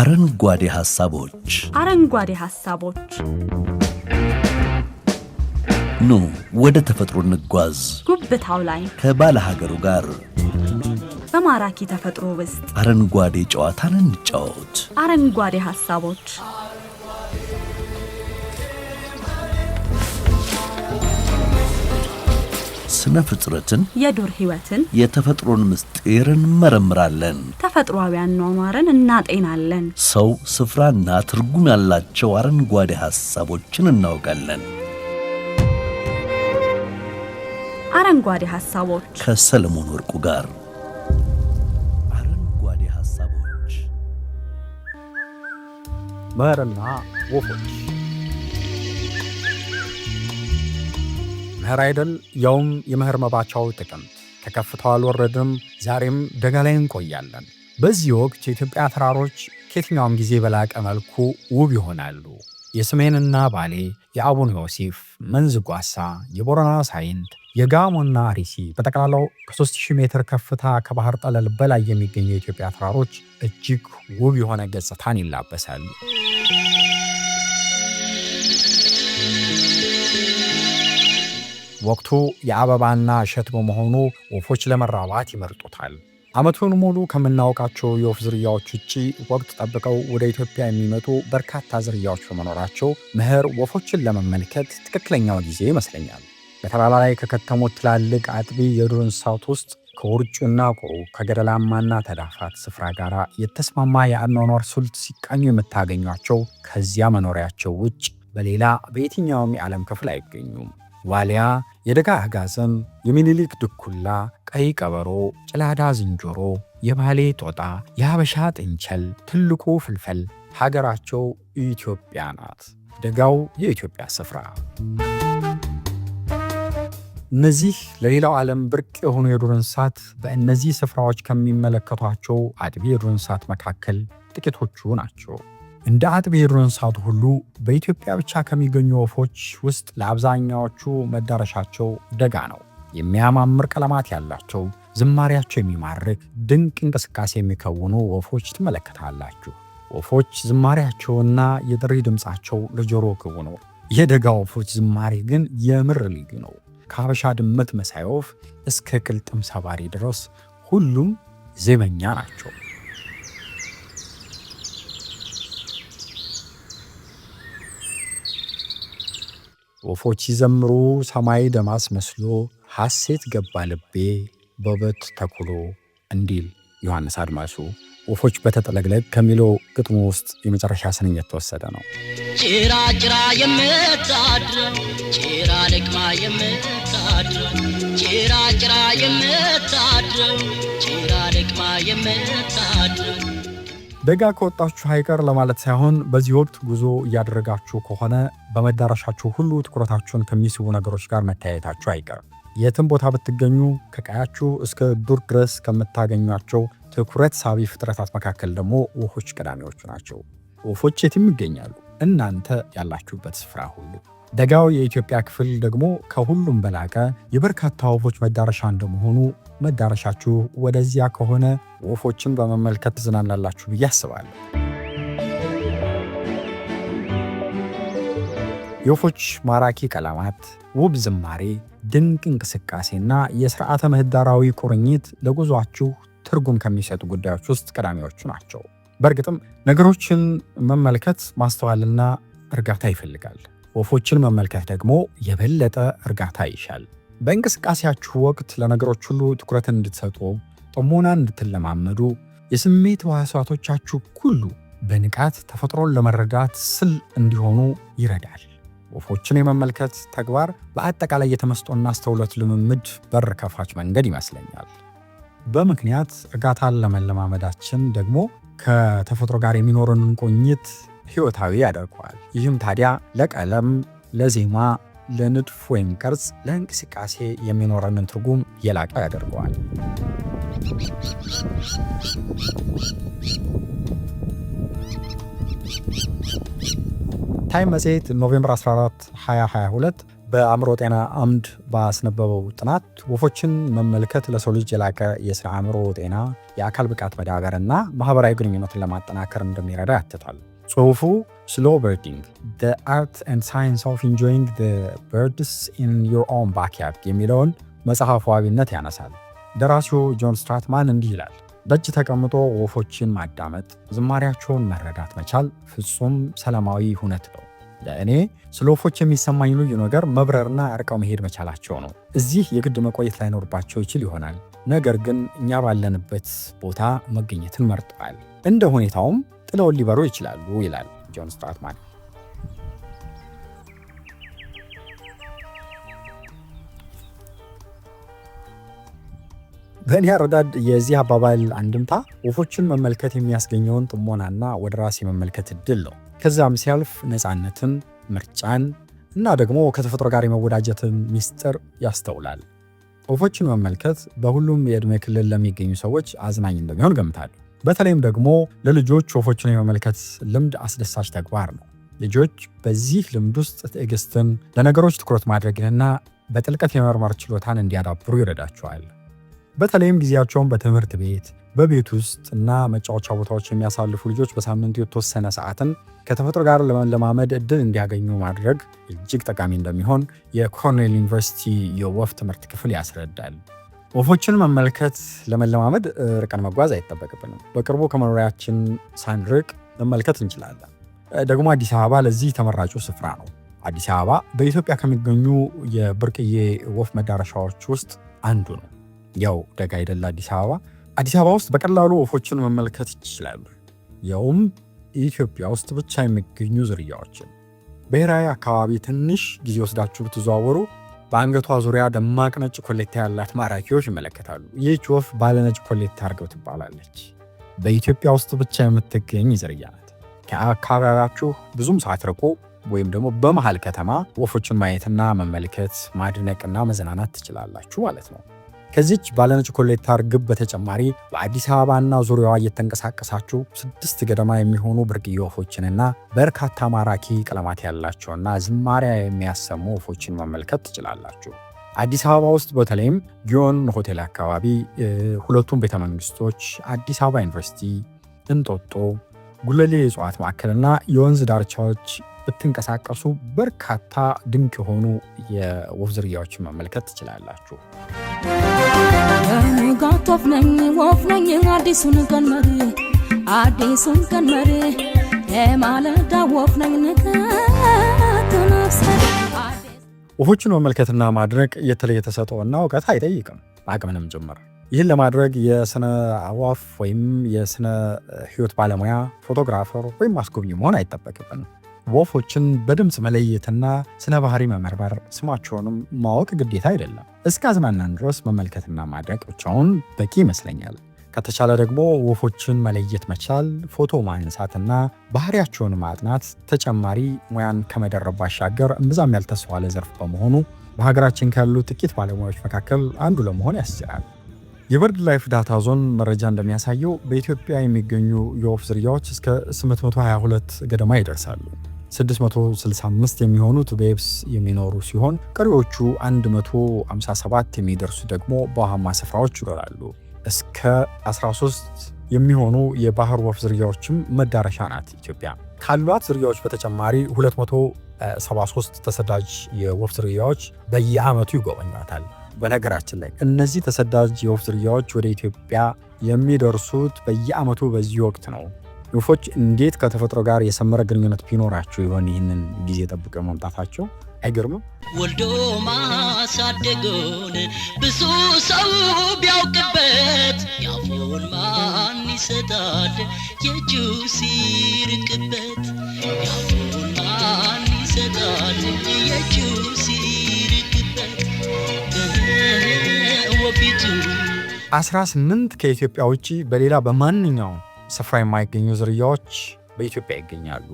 አረንጓዴ ሐሳቦች አረንጓዴ ሐሳቦች ኑ ወደ ተፈጥሮ እንጓዝ። ጉብታው ላይ ከባለ ሀገሩ ጋር በማራኪ ተፈጥሮ ውስጥ አረንጓዴ ጨዋታን እንጫወት። አረንጓዴ ሐሳቦች ስነ ፍጥረትን፣ የዱር ህይወትን፣ የተፈጥሮን ምስጢር እንመረምራለን። ተፈጥሯዊ አኗኗርን እናጤናለን። ሰው ስፍራና ትርጉም ያላቸው አረንጓዴ ሐሳቦችን እናውቃለን። አረንጓዴ ሐሳቦች ከሰለሞን ወርቁ ጋር አረንጓዴ ሐሳቦች መርና ወፎች መኸር አይደል? ያውም የመኸር መባቻው ጥቅምት። ከከፍታው አልወረድም። ዛሬም ደጋ ላይ እንቆያለን። በዚህ ወቅት የኢትዮጵያ ተራሮች ከየትኛውም ጊዜ በላቀ መልኩ ውብ ይሆናሉ። የሰሜንና ባሌ፣ የአቡነ ዮሴፍ፣ መንዝ ጓሳ፣ የቦረና ሳይንት፣ የጋሞና ሪሲ በጠቅላላው ከ3000 ሜትር ከፍታ ከባህር ጠለል በላይ የሚገኙ የኢትዮጵያ ተራሮች እጅግ ውብ የሆነ ገጽታን ይላበሳሉ። ወቅቱ የአበባና እሸት በመሆኑ ወፎች ለመራባት ይመርጡታል። ዓመቱን ሙሉ ከምናውቃቸው የወፍ ዝርያዎች ውጪ ወቅት ጠብቀው ወደ ኢትዮጵያ የሚመጡ በርካታ ዝርያዎች በመኖራቸው መኸር ወፎችን ለመመልከት ትክክለኛው ጊዜ ይመስለኛል። በተራራ ላይ ከከተሞት ትላልቅ አጥቢ የዱር እንስሳት ውስጥ ከውርጩና ቁሩ ከገደላማና ተዳፋት ስፍራ ጋር የተስማማ የአኗኗር ስልት ሲቃኙ የምታገኟቸው ከዚያ መኖሪያቸው ውጭ በሌላ በየትኛውም የዓለም ክፍል አይገኙም። ዋሊያ የደጋ አጋዘን፣ የሚኒሊክ ድኩላ፣ ቀይ ቀበሮ፣ ጭላዳ ዝንጀሮ፣ የባሌ ጦጣ፣ የሀበሻ ጥንቸል፣ ትልቁ ፍልፈል ሀገራቸው ኢትዮጵያ ናት። ደጋው የኢትዮጵያ ስፍራ። እነዚህ ለሌላው ዓለም ብርቅ የሆኑ የዱር እንስሳት በእነዚህ ስፍራዎች ከሚመለከቷቸው አጥቢ የዱር እንስሳት መካከል ጥቂቶቹ ናቸው። እንደ አጥቢ ዱር እንስሳት ሁሉ በኢትዮጵያ ብቻ ከሚገኙ ወፎች ውስጥ ለአብዛኛዎቹ መዳረሻቸው ደጋ ነው። የሚያማምር ቀለማት ያላቸው፣ ዝማሪያቸው የሚማርክ ድንቅ እንቅስቃሴ የሚከውኑ ወፎች ትመለከታላችሁ። ወፎች ዝማሪያቸውና የጥሪ ድምፃቸው ለጆሮ ግቡ ነው። የደጋ ወፎች ዝማሬ ግን የምር ልዩ ነው። ከሀበሻ ድመት መሳይ ወፍ እስከ ቅልጥም ሰባሪ ድረስ ሁሉም ዜመኛ ናቸው። ወፎች ይዘምሩ ሰማይ ደማስ መስሎ ሐሴት ገባ ልቤ በውበት ተኩሎ እንዲል ዮሐንስ አድማሱ ወፎች በተጥለቅለቅ ከሚለው ግጥሙ ውስጥ የመጨረሻ ስንኝ ተወሰደ ነው። ጭራ ጭራ የምታድረ ጭራ ልቅማ የምታድረ ጭራ ጭራ የምታድረ ጭራ ልቅማ የምታድረ ደጋ ከወጣችሁ አይቀር ለማለት ሳይሆን በዚህ ወቅት ጉዞ እያደረጋችሁ ከሆነ በመዳረሻችሁ ሁሉ ትኩረታችሁን ከሚስቡ ነገሮች ጋር መተያየታችሁ አይቀር። የትም ቦታ ብትገኙ ከቀያችሁ እስከ ዱር ድረስ ከምታገኟቸው ትኩረት ሳቢ ፍጥረታት መካከል ደግሞ ወፎች ቀዳሚዎቹ ናቸው። ወፎች የትም ይገኛሉ፣ እናንተ ያላችሁበት ስፍራ ሁሉ ደጋው የኢትዮጵያ ክፍል ደግሞ ከሁሉም በላቀ የበርካታ ወፎች መዳረሻ እንደመሆኑ መዳረሻችሁ ወደዚያ ከሆነ ወፎችን በመመልከት ትዝናናላችሁ ብዬ አስባለሁ። የወፎች ማራኪ ቀለማት፣ ውብ ዝማሬ፣ ድንቅ እንቅስቃሴና የሥርዓተ ምህዳራዊ ቁርኝት ለጉዟችሁ ትርጉም ከሚሰጡ ጉዳዮች ውስጥ ቀዳሚዎቹ ናቸው። በእርግጥም ነገሮችን መመልከት ማስተዋልና እርጋታ ይፈልጋል። ወፎችን መመልከት ደግሞ የበለጠ እርጋታ ይሻል። በእንቅስቃሴያችሁ ወቅት ለነገሮች ሁሉ ትኩረት እንድትሰጡ፣ ጥሞና እንድትለማመዱ፣ የስሜት ሕዋሳቶቻችሁ ሁሉ በንቃት ተፈጥሮን ለመረዳት ስል እንዲሆኑ ይረዳል። ወፎችን የመመልከት ተግባር በአጠቃላይ የተመስጦና አስተውሎት ልምምድ በር ከፋች መንገድ ይመስለኛል። በምክንያት እርጋታን ለመለማመዳችን ደግሞ ከተፈጥሮ ጋር የሚኖረንን ቁኝት ሕይወታዊ ያደርገዋል። ይህም ታዲያ ለቀለም፣ ለዜማ፣ ለንድፍ ወይም ቅርጽ፣ ለእንቅስቃሴ የሚኖረንን ትርጉም የላቀ ያደርገዋል። ታይም መጽሔት ኖቬምበር 14 2022 በአእምሮ ጤና አምድ ባስነበበው ጥናት ወፎችን መመልከት ለሰው ልጅ የላቀ የስነ አእምሮ ጤና፣ የአካል ብቃት መዳበር እና ማህበራዊ ግንኙነትን ለማጠናከር እንደሚረዳ ያትታል። ጽሁፉ ስሎ በርዲንግ አርት ኤንድ ሳይንስ ኦፍ ኢንጆይንግ በርድስ ኢን ዮር ኦውን ባክያርድ የሚለውን መጽሐፉ አብነት ያነሳል። ደራሲው ጆን ስትራትማን እንዲህ ይላል። ደጅ ተቀምጦ ወፎችን ማዳመጥ፣ ዝማሪያቸውን መረዳት መቻል ፍጹም ሰላማዊ ሁነት ነው። ለእኔ ስለ ወፎች የሚሰማኝ ልዩ ነገር መብረርና አርቀው መሄድ መቻላቸው ነው። እዚህ የግድ መቆየት ላይኖርባቸው ይችል ይሆናል፣ ነገር ግን እኛ ባለንበት ቦታ መገኘትን መርጠዋል። እንደ ሁኔታውም ጥለውን ሊበሩ ይችላሉ ይላል ጆን ስትራትማን። በእኔ አረዳድ የዚህ አባባል አንድምታ ወፎችን መመልከት የሚያስገኘውን ጥሞናና ወደ ራስ የመመልከት እድል ነው። ከዛም ሲያልፍ ነፃነትን፣ ምርጫን እና ደግሞ ከተፈጥሮ ጋር የመወዳጀትን ሚስጥር ያስተውላል። ወፎችን መመልከት በሁሉም የዕድሜ ክልል ለሚገኙ ሰዎች አዝናኝ እንደሚሆን ገምታለሁ። በተለይም ደግሞ ለልጆች ወፎችን የመመልከት ልምድ አስደሳች ተግባር ነው። ልጆች በዚህ ልምድ ውስጥ ትዕግስትን፣ ለነገሮች ትኩረት ማድረግንና በጥልቀት የመርመር ችሎታን እንዲያዳብሩ ይረዳቸዋል። በተለይም ጊዜያቸውን በትምህርት ቤት፣ በቤት ውስጥ እና መጫወቻ ቦታዎች የሚያሳልፉ ልጆች በሳምንቱ የተወሰነ ሰዓትን ከተፈጥሮ ጋር ለመለማመድ እድል እንዲያገኙ ማድረግ እጅግ ጠቃሚ እንደሚሆን የኮርኔል ዩኒቨርሲቲ የወፍ ትምህርት ክፍል ያስረዳል። ወፎችን መመልከት ለመለማመድ ርቀን መጓዝ አይጠበቅብንም። በቅርቡ ከመኖሪያችን ሳንርቅ መመልከት እንችላለን። ደግሞ አዲስ አበባ ለዚህ ተመራጩ ስፍራ ነው። አዲስ አበባ በኢትዮጵያ ከሚገኙ የብርቅዬ ወፍ መዳረሻዎች ውስጥ አንዱ ነው። ያው ደጋ አይደለ አዲስ አበባ። አዲስ አበባ ውስጥ በቀላሉ ወፎችን መመልከት ይችላሉ። ያውም ኢትዮጵያ ውስጥ ብቻ የሚገኙ ዝርያዎችን። ብሔራዊ አካባቢ ትንሽ ጊዜ ወስዳችሁ ብትዘዋወሩ በአንገቷ ዙሪያ ደማቅ ነጭ ኮሌታ ያላት ማራኪዎች ይመለከታሉ። ይህች ወፍ ባለነጭ ኮሌታ አርገው ትባላለች። በኢትዮጵያ ውስጥ ብቻ የምትገኝ ዝርያ ናት። ከአካባቢያችሁ ብዙም ሳትርቁ ወይም ደግሞ በመሃል ከተማ ወፎችን ማየትና መመልከት ማድነቅና መዝናናት ትችላላችሁ ማለት ነው። ከዚች ኮሌታር እርግብ በተጨማሪ በአዲስ አበባና ዙሪያዋ እየተንቀሳቀሳችሁ ስድስት ገደማ የሚሆኑ ብርቅዬ ወፎችንና በርካታ ማራኪ ቀለማት ያላቸውና ዝማሪያ የሚያሰሙ ወፎችን መመልከት ትችላላችሁ። አዲስ አበባ ውስጥ በተለይም ጊዮን ሆቴል አካባቢ ሁለቱም ቤተመንግስቶች አዲስ አበባ ዩኒቨርሲቲ፣ እንጦጦ፣ ጉለሌ የእጽዋት ማዕከልና የወንዝ ዳርቻዎች ብትንቀሳቀሱ በርካታ ድንቅ የሆኑ የወፍ ዝርያዎችን መመልከት ትችላላችሁ። ከንጋት ወፍ ነኝ ወፍ ነኝ አዲሱን ቀን መሪ አዲሱን ቀን መሪ የማለዳ ወፍ ነኝ ንጋቱ ነፍሰ መመልከትና ማድረግ የተለየ ተሰጥኦና እውቀት አይጠይቅም አቅምንም ጭምር። ይህን ለማድረግ የስነ አዕዋፍ ወይም የስነ ሕይወት ባለሙያ ፎቶግራፈር ወይም አስጎብኚ መሆን አይጠበቅብንም። ወፎችን በድምፅ መለየትና ስነ ባህሪ መመርመር ስማቸውንም ማወቅ ግዴታ አይደለም። እስከ አዝናናን ድረስ መመልከትና ማድረግ ብቻውን በቂ ይመስለኛል። ከተቻለ ደግሞ ወፎችን መለየት መቻል፣ ፎቶ ማንሳትና ባህሪያቸውን ማጥናት ተጨማሪ ሙያን ከመደረብ ባሻገር እምብዛም ያልተስተዋለ ዘርፍ በመሆኑ በሀገራችን ካሉ ጥቂት ባለሙያዎች መካከል አንዱ ለመሆን ያስችላል። የበርድ ላይፍ ዳታ ዞን መረጃ እንደሚያሳየው በኢትዮጵያ የሚገኙ የወፍ ዝርያዎች እስከ 822 ገደማ ይደርሳሉ። 665 የሚሆኑት በየብስ የሚኖሩ ሲሆን ቀሪዎቹ 157 የሚደርሱ ደግሞ በውሃማ ስፍራዎች ይኖራሉ። እስከ 13 የሚሆኑ የባህር ወፍ ዝርያዎችም መዳረሻ ናት። ኢትዮጵያ ካሏት ዝርያዎች በተጨማሪ 273 ተሰዳጅ የወፍ ዝርያዎች በየዓመቱ ይጎበኟታል። በነገራችን ላይ እነዚህ ተሰዳጅ የወፍ ዝርያዎች ወደ ኢትዮጵያ የሚደርሱት በየዓመቱ በዚህ ወቅት ነው። ወፎች እንዴት ከተፈጥሮ ጋር የሰመረ ግንኙነት ቢኖራቸው ይሆን? ይህንን ጊዜ ጠብቀው መምጣታቸው አይገርምም? ወልዶ ማሳደጎን ብዙ ሰው ቢያውቅበት ያፉን ማን ይሰጣል? የእጁ ሲርቅበት ያፉን ማን ይሰጣል? የእጁ ሲርቅበት ወፊቱ ስምንት ከኢትዮጵያ ውጭ በሌላ በማንኛውም ስፍራ የማይገኙ ዝርያዎች በኢትዮጵያ ይገኛሉ።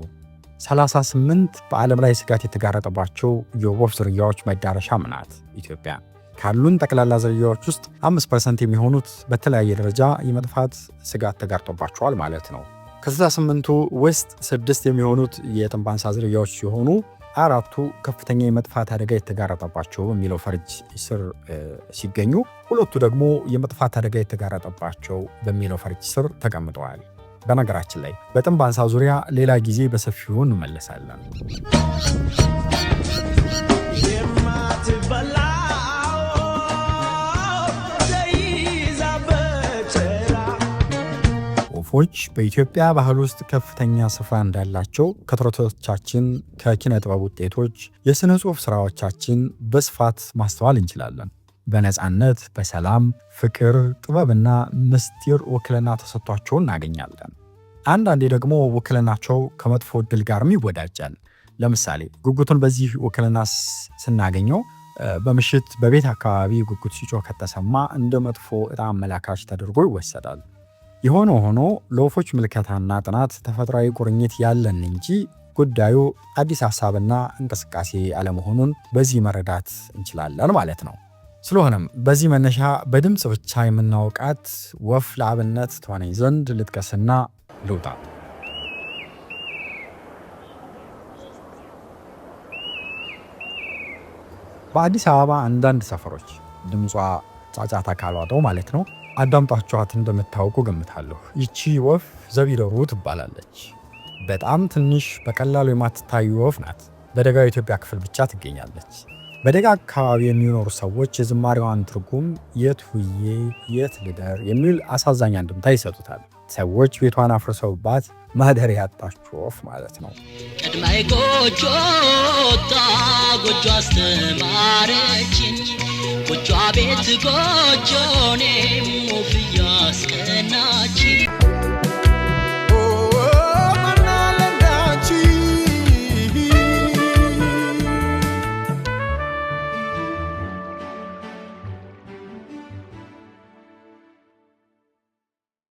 38 በዓለም ላይ ስጋት የተጋረጠባቸው የወፍ ዝርያዎች መዳረሻም ናት ኢትዮጵያ። ካሉን ጠቅላላ ዝርያዎች ውስጥ 5 ፐርሰንት የሚሆኑት በተለያየ ደረጃ የመጥፋት ስጋት ተጋርጦባቸዋል ማለት ነው። ከ68ቱ ውስጥ ስድስት የሚሆኑት የጥንባንሳ ዝርያዎች ሲሆኑ አራቱ ከፍተኛ የመጥፋት አደጋ የተጋረጠባቸው በሚለው ፈርጅ ስር ሲገኙ ሁለቱ ደግሞ የመጥፋት አደጋ የተጋረጠባቸው በሚለው ፈርጅ ስር ተቀምጠዋል። በነገራችን ላይ በጥንባንሳ ዙሪያ ሌላ ጊዜ በሰፊው እንመለሳለን። ዛፎች በኢትዮጵያ ባህል ውስጥ ከፍተኛ ስፍራ እንዳላቸው ከተረቶቻችን፣ ከኪነ ጥበብ ውጤቶች፣ የሥነ ጽሑፍ ሥራዎቻችን በስፋት ማስተዋል እንችላለን። በነፃነት፣ በሰላም፣ ፍቅር፣ ጥበብና ምስጢር ውክልና ተሰጥቷቸው እናገኛለን። አንዳንዴ ደግሞ ውክልናቸው ከመጥፎ ድል ጋርም ይወዳጃል። ለምሳሌ ጉጉቱን በዚህ ውክልና ስናገኘው በምሽት በቤት አካባቢ ጉጉት ሲጮህ ከተሰማ እንደ መጥፎ ዕጣ አመላካች ተደርጎ ይወሰዳል። የሆነ ሆኖ ለወፎች ምልከታና ጥናት ተፈጥሯዊ ቁርኝት ያለን እንጂ ጉዳዩ አዲስ ሀሳብና እንቅስቃሴ አለመሆኑን በዚህ መረዳት እንችላለን ማለት ነው። ስለሆነም በዚህ መነሻ በድምፅ ብቻ የምናውቃት ወፍ ለአብነት ተዋነኝ ዘንድ ልጥቀስና ልውጣ። በአዲስ አበባ አንዳንድ ሰፈሮች ድምጿ ጫጫታ ካልዋጠው ማለት ነው አዳምጣችኋት እንደምታውቁ ገምታለሁ። ይቺ ወፍ ዘቢደሩ ትባላለች። በጣም ትንሽ በቀላሉ የማትታዩ ወፍ ናት። በደጋ የኢትዮጵያ ክፍል ብቻ ትገኛለች። በደጋ አካባቢ የሚኖሩ ሰዎች የዝማሬዋን ትርጉም የት ሁዬ የት ልደር የሚል አሳዛኝ አንድምታ ይሰጡታል። ሰዎች ቤቷን አፍርሰውባት ማደር ያጣች ወፍ ማለት ነው። ቀድማይ ጎጆ ወጣ ጎጆ አስተማረችኝ ቁጫ ቤት ጎጆኔ ሞፍያ